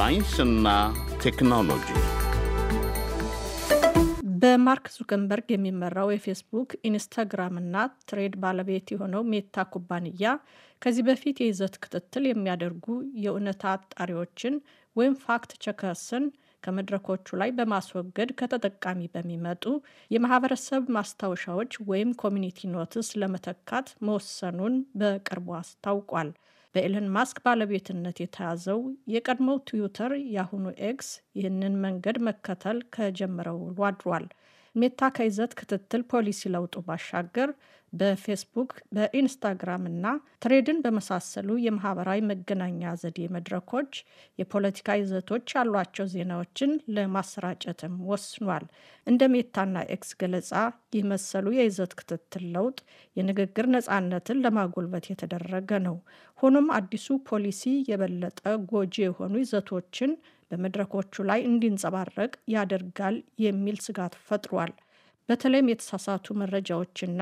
ሳይንስና ቴክኖሎጂ በማርክ ዙከንበርግ የሚመራው የፌስቡክ ኢንስታግራም ትሬድ ባለቤት የሆነው ሜታ ኩባንያ ከዚህ በፊት የይዘት ክትትል የሚያደርጉ የእውነት አጣሪዎችን ወይም ፋክት ቸከርስን ከመድረኮቹ ላይ በማስወገድ ከተጠቃሚ በሚመጡ የማህበረሰብ ማስታወሻዎች ወይም ኮሚኒቲ ኖትስ ለመተካት መወሰኑን በቅርቡ አስታውቋል። በኤለን ማስክ ባለቤትነት የተያዘው የቀድሞው ትዊተር የአሁኑ ኤክስ ይህንን መንገድ መከተል ከጀምረው ውሎ አድሯል። ሜታ ከይዘት ክትትል ፖሊሲ ለውጡ ባሻገር በፌስቡክ በኢንስታግራም እና ትሬድን በመሳሰሉ የማህበራዊ መገናኛ ዘዴ መድረኮች የፖለቲካ ይዘቶች ያሏቸው ዜናዎችን ለማሰራጨትም ወስኗል። እንደ ሜታና ኤክስ ገለጻ ይህ መሰሉ የይዘት ክትትል ለውጥ የንግግር ነፃነትን ለማጎልበት የተደረገ ነው። ሆኖም አዲሱ ፖሊሲ የበለጠ ጎጂ የሆኑ ይዘቶችን በመድረኮቹ ላይ እንዲንጸባረቅ ያደርጋል የሚል ስጋት ፈጥሯል። በተለይም የተሳሳቱ መረጃዎችና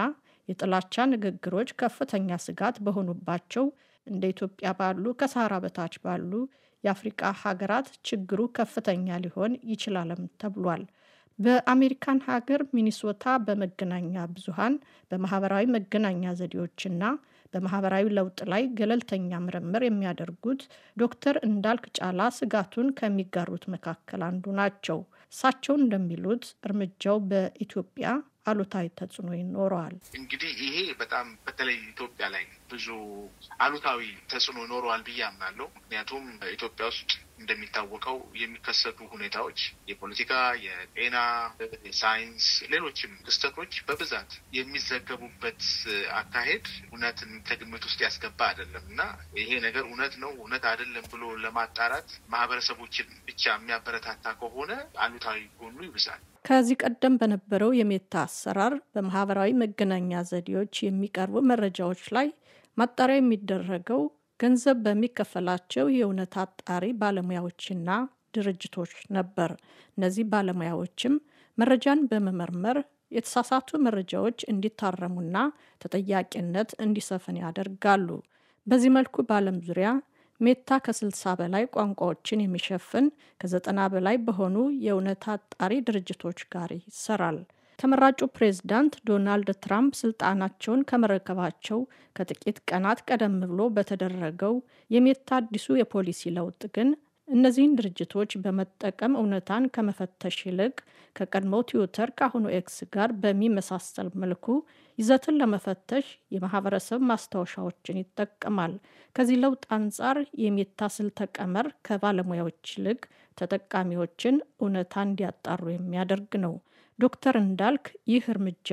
የጥላቻ ንግግሮች ከፍተኛ ስጋት በሆኑባቸው እንደ ኢትዮጵያ ባሉ ከሳህራ በታች ባሉ የአፍሪቃ ሀገራት ችግሩ ከፍተኛ ሊሆን ይችላልም ተብሏል። በአሜሪካን ሀገር ሚኒሶታ በመገናኛ ብዙሃን በማህበራዊ መገናኛ ዘዴዎችና በማህበራዊ ለውጥ ላይ ገለልተኛ ምርምር የሚያደርጉት ዶክተር እንዳልክ ጫላ ስጋቱን ከሚጋሩት መካከል አንዱ ናቸው። እሳቸው እንደሚሉት እርምጃው በኢትዮጵያ አሉታዊ ተጽዕኖ ይኖረዋል። እንግዲህ ይሄ በጣም በተለይ ኢትዮጵያ ላይ ብዙ አሉታዊ ተጽዕኖ ይኖረዋል ብዬ አምናለሁ። ምክንያቱም ኢትዮጵያ ውስጥ እንደሚታወቀው የሚከሰቱ ሁኔታዎች የፖለቲካ፣ የጤና፣ የሳይንስ፣ ሌሎችም ክስተቶች በብዛት የሚዘገቡበት አካሄድ እውነትን ከግምት ውስጥ ያስገባ አይደለም እና ይሄ ነገር እውነት ነው እውነት አይደለም ብሎ ለማጣራት ማህበረሰቦችን ብቻ የሚያበረታታ ከሆነ አሉታዊ ጎኑ ይብዛል። ከዚህ ቀደም በነበረው የሜታ አሰራር በማህበራዊ መገናኛ ዘዴዎች የሚቀርቡ መረጃዎች ላይ ማጣሪያ የሚደረገው ገንዘብ በሚከፈላቸው የእውነት አጣሪ ባለሙያዎችና ድርጅቶች ነበር። እነዚህ ባለሙያዎችም መረጃን በመመርመር የተሳሳቱ መረጃዎች እንዲታረሙና ተጠያቂነት እንዲሰፍን ያደርጋሉ። በዚህ መልኩ በዓለም ዙሪያ ሜታ ከ60 በላይ ቋንቋዎችን የሚሸፍን ከ90 በላይ በሆኑ የእውነት አጣሪ ድርጅቶች ጋር ይሰራል። ተመራጩ ፕሬዝዳንት ዶናልድ ትራምፕ ስልጣናቸውን ከመረከባቸው ከጥቂት ቀናት ቀደም ብሎ በተደረገው የሜታ አዲሱ የፖሊሲ ለውጥ ግን እነዚህን ድርጅቶች በመጠቀም እውነታን ከመፈተሽ ይልቅ ከቀድሞ ትዊተር ከአሁኑ ኤክስ ጋር በሚመሳሰል መልኩ ይዘትን ለመፈተሽ የማህበረሰብ ማስታወሻዎችን ይጠቀማል። ከዚህ ለውጥ አንጻር የሜታ ስልተ ቀመር ከባለሙያዎች ይልቅ ተጠቃሚዎችን እውነታ እንዲያጣሩ የሚያደርግ ነው። ዶክተር እንዳልክ ይህ እርምጃ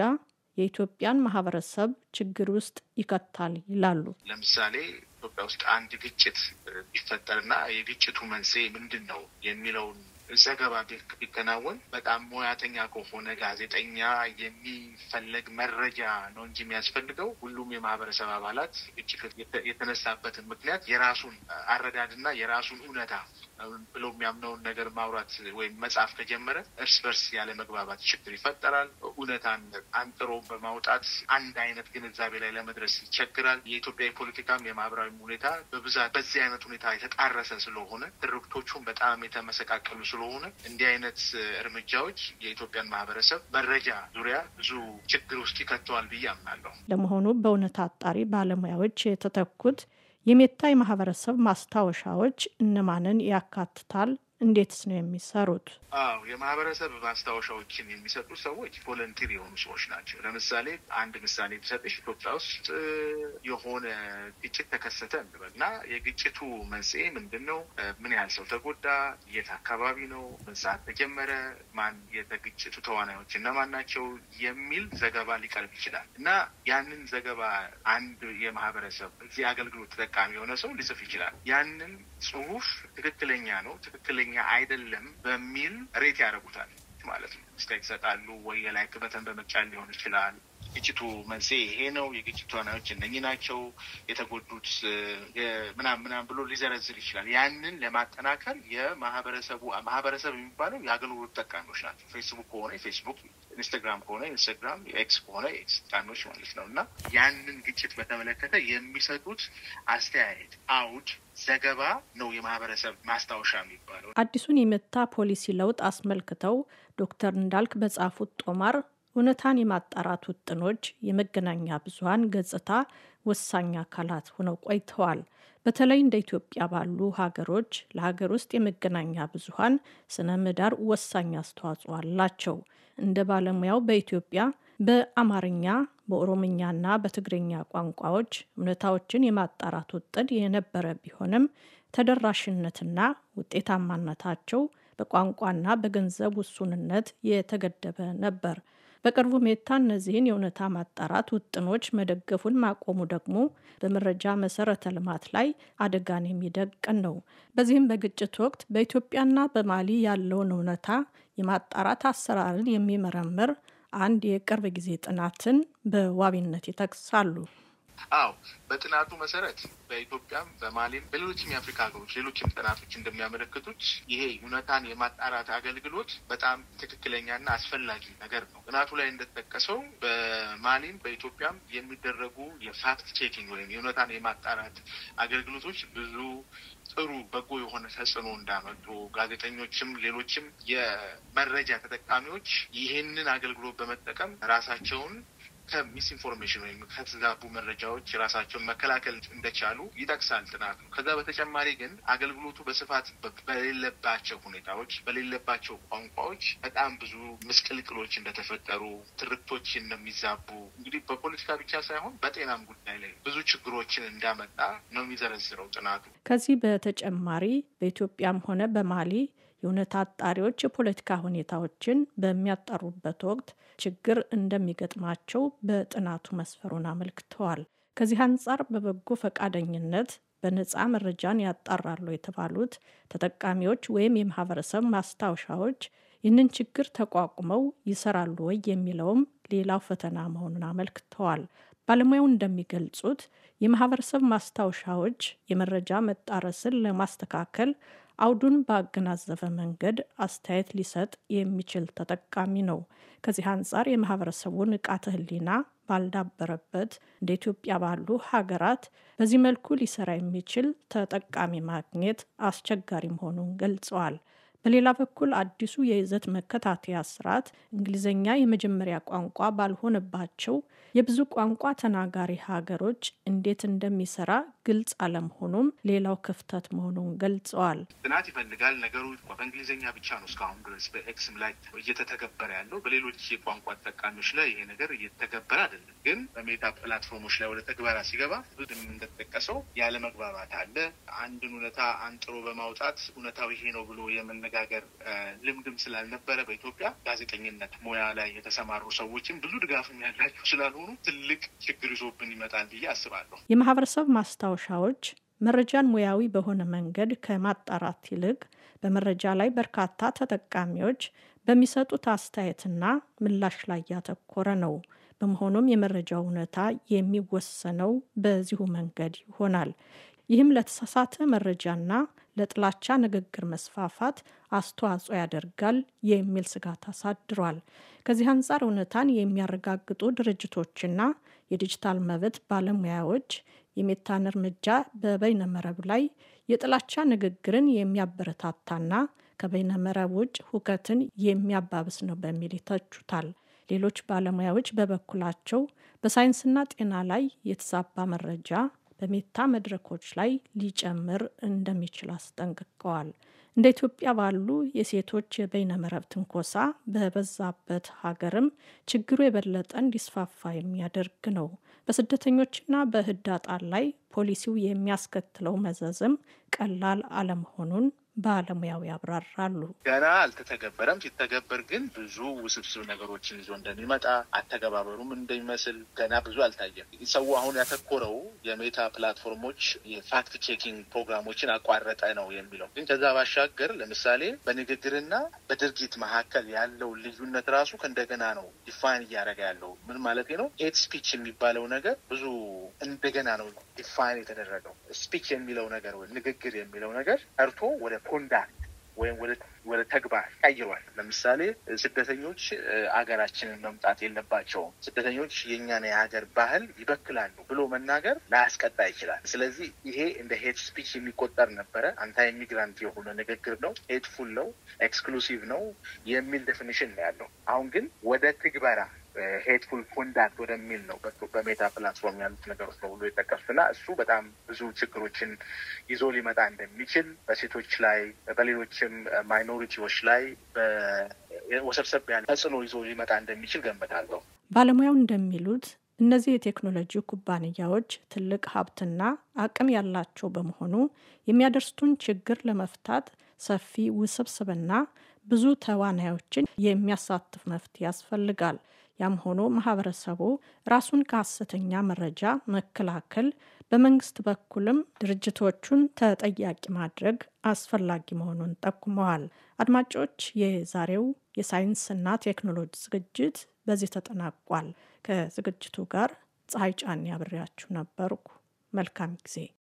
የኢትዮጵያን ማህበረሰብ ችግር ውስጥ ይከታል ይላሉ። ለምሳሌ ኢትዮጵያ ውስጥ አንድ ግጭት ቢፈጠርና የግጭቱ መንስኤ ምንድን ነው የሚለውን ዘገባ ቢከናወን በጣም ሙያተኛ ከሆነ ጋዜጠኛ የሚፈለግ መረጃ ነው እንጂ የሚያስፈልገው ሁሉም የማህበረሰብ አባላት የተነሳበትን ምክንያት የራሱን አረዳድና የራሱን እውነታ ብሎ የሚያምነውን ነገር ማውራት ወይም መጻፍ ከጀመረ እርስ በርስ ያለ መግባባት ችግር ይፈጠራል። እውነታን አንጥሮ በማውጣት አንድ አይነት ግንዛቤ ላይ ለመድረስ ይቸግራል። የኢትዮጵያ የፖለቲካም የማህበራዊም ሁኔታ በብዛት በዚህ አይነት ሁኔታ የተጣረሰ ስለሆነ ትርክቶቹን በጣም የተመሰቃቀሉ ስለሆነ እንዲህ አይነት እርምጃዎች የኢትዮጵያን ማህበረሰብ መረጃ ዙሪያ ብዙ ችግር ውስጥ ይከተዋል ብዬ አምናለሁ። ለመሆኑ በእውነት አጣሪ ባለሙያዎች የተተኩት የሜታ የማህበረሰብ ማስታወሻዎች እነማንን ያካትታል? እንዴትስ ነው የሚሰሩት? አዎ የማህበረሰብ ማስታወሻዎችን የሚሰጡ ሰዎች ቮለንቲር የሆኑ ሰዎች ናቸው። ለምሳሌ አንድ ምሳሌ ብሰጥሽ ኢትዮጵያ ውስጥ የሆነ ግጭት ተከሰተ እና የግጭቱ መንስኤ ምንድን ነው? ምን ያህል ሰው ተጎዳ? የት አካባቢ ነው? ምን ሰዓት ተጀመረ? ማን የተግጭቱ ተዋናዮች እነማን ናቸው? የሚል ዘገባ ሊቀርብ ይችላል እና ያንን ዘገባ አንድ የማህበረሰብ እዚህ አገልግሎት ተጠቃሚ የሆነ ሰው ሊጽፍ ይችላል። ያንን ጽሁፍ ትክክለኛ ነው ትክክለኛ ትክክለኛ አይደለም በሚል ሬት ያደርጉታል ማለት ነው። ስቴክ ይሰጣሉ ወይ የላይክ በተን በመጫን ሊሆን ይችላል የግጭቱ መንስኤ ይሄ ነው፣ የግጭቱ ዋናዎች እነኚህ ናቸው፣ የተጎዱት ምናም ምናም ብሎ ሊዘረዝር ይችላል። ያንን ለማጠናከር የማህበረሰቡ ማህበረሰብ የሚባለው የአገልግሎት ጠቃሚዎች ናቸው። ፌስቡክ ከሆነ ፌስቡክ፣ ኢንስታግራም ከሆነ ኢንስታግራም፣ ኤክስ ከሆነ ኤክስ ተጠቃሚዎች ማለት ነው እና ያንን ግጭት በተመለከተ የሚሰጡት አስተያየት አውድ ዘገባ ነው የማህበረሰብ ማስታወሻ የሚባለው። አዲሱን የመታ ፖሊሲ ለውጥ አስመልክተው ዶክተር እንዳልክ በጻፉት ጦማር እውነታን የማጣራት ውጥኖች የመገናኛ ብዙሀን ገጽታ ወሳኝ አካላት ሆነው ቆይተዋል። በተለይ እንደ ኢትዮጵያ ባሉ ሀገሮች ለሀገር ውስጥ የመገናኛ ብዙሀን ስነ ምህዳር ወሳኝ አስተዋጽኦ አላቸው። እንደ ባለሙያው በኢትዮጵያ በአማርኛ በኦሮምኛና በትግርኛ ቋንቋዎች እውነታዎችን የማጣራት ውጥን የነበረ ቢሆንም ተደራሽነትና ውጤታማነታቸው በቋንቋና በገንዘብ ውሱንነት የተገደበ ነበር። በቅርቡ ሜታ እነዚህን የእውነታ ማጣራት ውጥኖች መደገፉን ማቆሙ ደግሞ በመረጃ መሰረተ ልማት ላይ አደጋን የሚደቅን ነው። በዚህም በግጭት ወቅት በኢትዮጵያና በማሊ ያለውን እውነታ የማጣራት አሰራርን የሚመረምር አንድ የቅርብ ጊዜ ጥናትን በዋቢነት ይጠቅሳሉ። አዎ በጥናቱ መሰረት በኢትዮጵያም በማሌም በሌሎችም የአፍሪካ ሀገሮች ሌሎችም ጥናቶች እንደሚያመለክቱት ይሄ እውነታን የማጣራት አገልግሎት በጣም ትክክለኛና አስፈላጊ ነገር ነው። ጥናቱ ላይ እንደተጠቀሰው በማሌም በኢትዮጵያም የሚደረጉ የፋክት ቼኪንግ ወይም የእውነታን የማጣራት አገልግሎቶች ብዙ ጥሩ በጎ የሆነ ተጽዕኖ እንዳመጡ ጋዜጠኞችም ሌሎችም የመረጃ ተጠቃሚዎች ይህንን አገልግሎት በመጠቀም ራሳቸውን ከሚስ ኢንፎርሜሽን ወይም ከተዛቡ መረጃዎች ራሳቸውን መከላከል እንደቻሉ ይጠቅሳል ጥናት ነው። ከዛ በተጨማሪ ግን አገልግሎቱ በስፋት በሌለባቸው ሁኔታዎች በሌለባቸው ቋንቋዎች በጣም ብዙ ምስቅልቅሎች እንደተፈጠሩ፣ ትርክቶች እንደሚዛቡ እንግዲህ በፖለቲካ ብቻ ሳይሆን በጤናም ጉዳይ ላይ ብዙ ችግሮችን እንዳመጣ ነው የሚዘረዝረው ጥናቱ። ከዚህ በተጨማሪ በኢትዮጵያም ሆነ በማሊ የእውነት አጣሪዎች የፖለቲካ ሁኔታዎችን በሚያጣሩበት ወቅት ችግር እንደሚገጥማቸው በጥናቱ መስፈሩን አመልክተዋል። ከዚህ አንጻር በበጎ ፈቃደኝነት በነፃ መረጃን ያጣራሉ የተባሉት ተጠቃሚዎች ወይም የማህበረሰብ ማስታወሻዎች ይህንን ችግር ተቋቁመው ይሰራሉ ወይ የሚለውም ሌላው ፈተና መሆኑን አመልክተዋል። ባለሙያው እንደሚገልጹት የማህበረሰብ ማስታወሻዎች የመረጃ መጣረስን ለማስተካከል አውዱን ባገናዘበ መንገድ አስተያየት ሊሰጥ የሚችል ተጠቃሚ ነው። ከዚህ አንጻር የማህበረሰቡ ንቃተ ህሊና ባልዳበረበት እንደ ኢትዮጵያ ባሉ ሀገራት በዚህ መልኩ ሊሰራ የሚችል ተጠቃሚ ማግኘት አስቸጋሪ መሆኑን ገልጸዋል። በሌላ በኩል አዲሱ የይዘት መከታተያ ስርዓት እንግሊዝኛ የመጀመሪያ ቋንቋ ባልሆነባቸው የብዙ ቋንቋ ተናጋሪ ሀገሮች እንዴት እንደሚሰራ ግልጽ አለመሆኑም ሌላው ክፍተት መሆኑን ገልጸዋል። ጥናት ይፈልጋል። ነገሩ በእንግሊዝኛ ብቻ ነው እስካሁን ድረስ በኤክስም ላይ እየተተገበረ ያለው። በሌሎች የቋንቋ ተጠቃሚዎች ላይ ይሄ ነገር እየተተገበረ አይደለም። ግን በሜታ ፕላትፎርሞች ላይ ወደ ተግባራ ሲገባ እንደተጠቀሰው ያለመግባባት አለ። አንድን እውነታ አንጥሮ በማውጣት እውነታው ይሄ ነው ብሎ የመነገ የመነጋገር ልምድም ስላልነበረ በኢትዮጵያ ጋዜጠኝነት ሙያ ላይ የተሰማሩ ሰዎችም ብዙ ድጋፍም ያላቸው ስላልሆኑ ትልቅ ችግር ይዞብን ይመጣል ብዬ አስባለሁ። የማህበረሰብ ማስታወሻዎች መረጃን ሙያዊ በሆነ መንገድ ከማጣራት ይልቅ በመረጃ ላይ በርካታ ተጠቃሚዎች በሚሰጡት አስተያየትና ምላሽ ላይ ያተኮረ ነው። በመሆኑም የመረጃው እውነታ የሚወሰነው በዚሁ መንገድ ይሆናል። ይህም ለተሳሳተ መረጃና ለጥላቻ ንግግር መስፋፋት አስተዋጽኦ ያደርጋል የሚል ስጋት አሳድሯል። ከዚህ አንጻር እውነታን የሚያረጋግጡ ድርጅቶችና የዲጂታል መብት ባለሙያዎች የሜታን እርምጃ በበይነመረብ ላይ የጥላቻ ንግግርን የሚያበረታታና ከበይነመረብ ውጭ ሁከትን የሚያባብስ ነው በሚል ይተቹታል። ሌሎች ባለሙያዎች በበኩላቸው በሳይንስና ጤና ላይ የተዛባ መረጃ በሜታ መድረኮች ላይ ሊጨምር እንደሚችል አስጠንቅቀዋል። እንደ ኢትዮጵያ ባሉ የሴቶች የበይነመረብ ትንኮሳ በበዛበት ሀገርም ችግሩ የበለጠ እንዲስፋፋ የሚያደርግ ነው። በስደተኞችና በህዳጣን ላይ ፖሊሲው የሚያስከትለው መዘዝም ቀላል አለመሆኑን ባለሙያው ያብራራሉ። ገና አልተተገበረም። ሲተገበር ግን ብዙ ውስብስብ ነገሮችን ይዞ እንደሚመጣ አተገባበሩም እንደሚመስል ገና ብዙ አልታየም። ሰው አሁን ያተኮረው የሜታ ፕላትፎርሞች የፋክት ቼኪንግ ፕሮግራሞችን አቋረጠ ነው የሚለው። ግን ከዛ ባሻገር ለምሳሌ በንግግርና በድርጊት መካከል ያለው ልዩነት ራሱ እንደገና ነው ዲፋይን እያደረገ ያለው። ምን ማለት ነው? ኤት ስፒች የሚባለው ነገር ብዙ እንደገና ነው ዲፋይን የተደረገው። ስፒች የሚለው ነገር ወይ ንግግር የሚለው ነገር ቀርቶ ወደ ኮንዳክት ወይም ወደ ተግባር ቀይሯል። ለምሳሌ ስደተኞች አገራችንን መምጣት የለባቸውም፣ ስደተኞች የእኛን የሀገር ባህል ይበክላሉ ብሎ መናገር ላያስቀጣ ይችላል። ስለዚህ ይሄ እንደ ሄት ስፒች የሚቆጠር ነበረ። አንታ ኢሚግራንት የሆነ ንግግር ነው፣ ሄትፉል ነው፣ ኤክስክሉሲቭ ነው የሚል ዴፊኒሽን ነው ያለው። አሁን ግን ወደ ትግበራ ሄትፉል ኮንዳክት ወደሚል ነው በሜታ ፕላትፎርም ያሉት ነገሮች ብሎ የጠቀሱት እና እሱ በጣም ብዙ ችግሮችን ይዞ ሊመጣ እንደሚችል በሴቶች ላይ በሌሎችም ማይኖሪቲዎች ላይ ወሰብሰብ ያለ ተጽዕኖ ይዞ ሊመጣ እንደሚችል ገምታለሁ። ባለሙያው እንደሚሉት እነዚህ የቴክኖሎጂ ኩባንያዎች ትልቅ ሀብትና አቅም ያላቸው በመሆኑ የሚያደርሱትን ችግር ለመፍታት ሰፊ ውስብስብና ብዙ ተዋናዮችን የሚያሳትፍ መፍትሄ ያስፈልጋል። ያም ሆኖ ማህበረሰቡ ራሱን ከሐሰተኛ መረጃ መከላከል፣ በመንግስት በኩልም ድርጅቶቹን ተጠያቂ ማድረግ አስፈላጊ መሆኑን ጠቁመዋል። አድማጮች፣ የዛሬው የሳይንስና ቴክኖሎጂ ዝግጅት በዚህ ተጠናቋል። ከዝግጅቱ ጋር ፀሐይ ጫን ያብሬያችሁ ነበርኩ። መልካም ጊዜ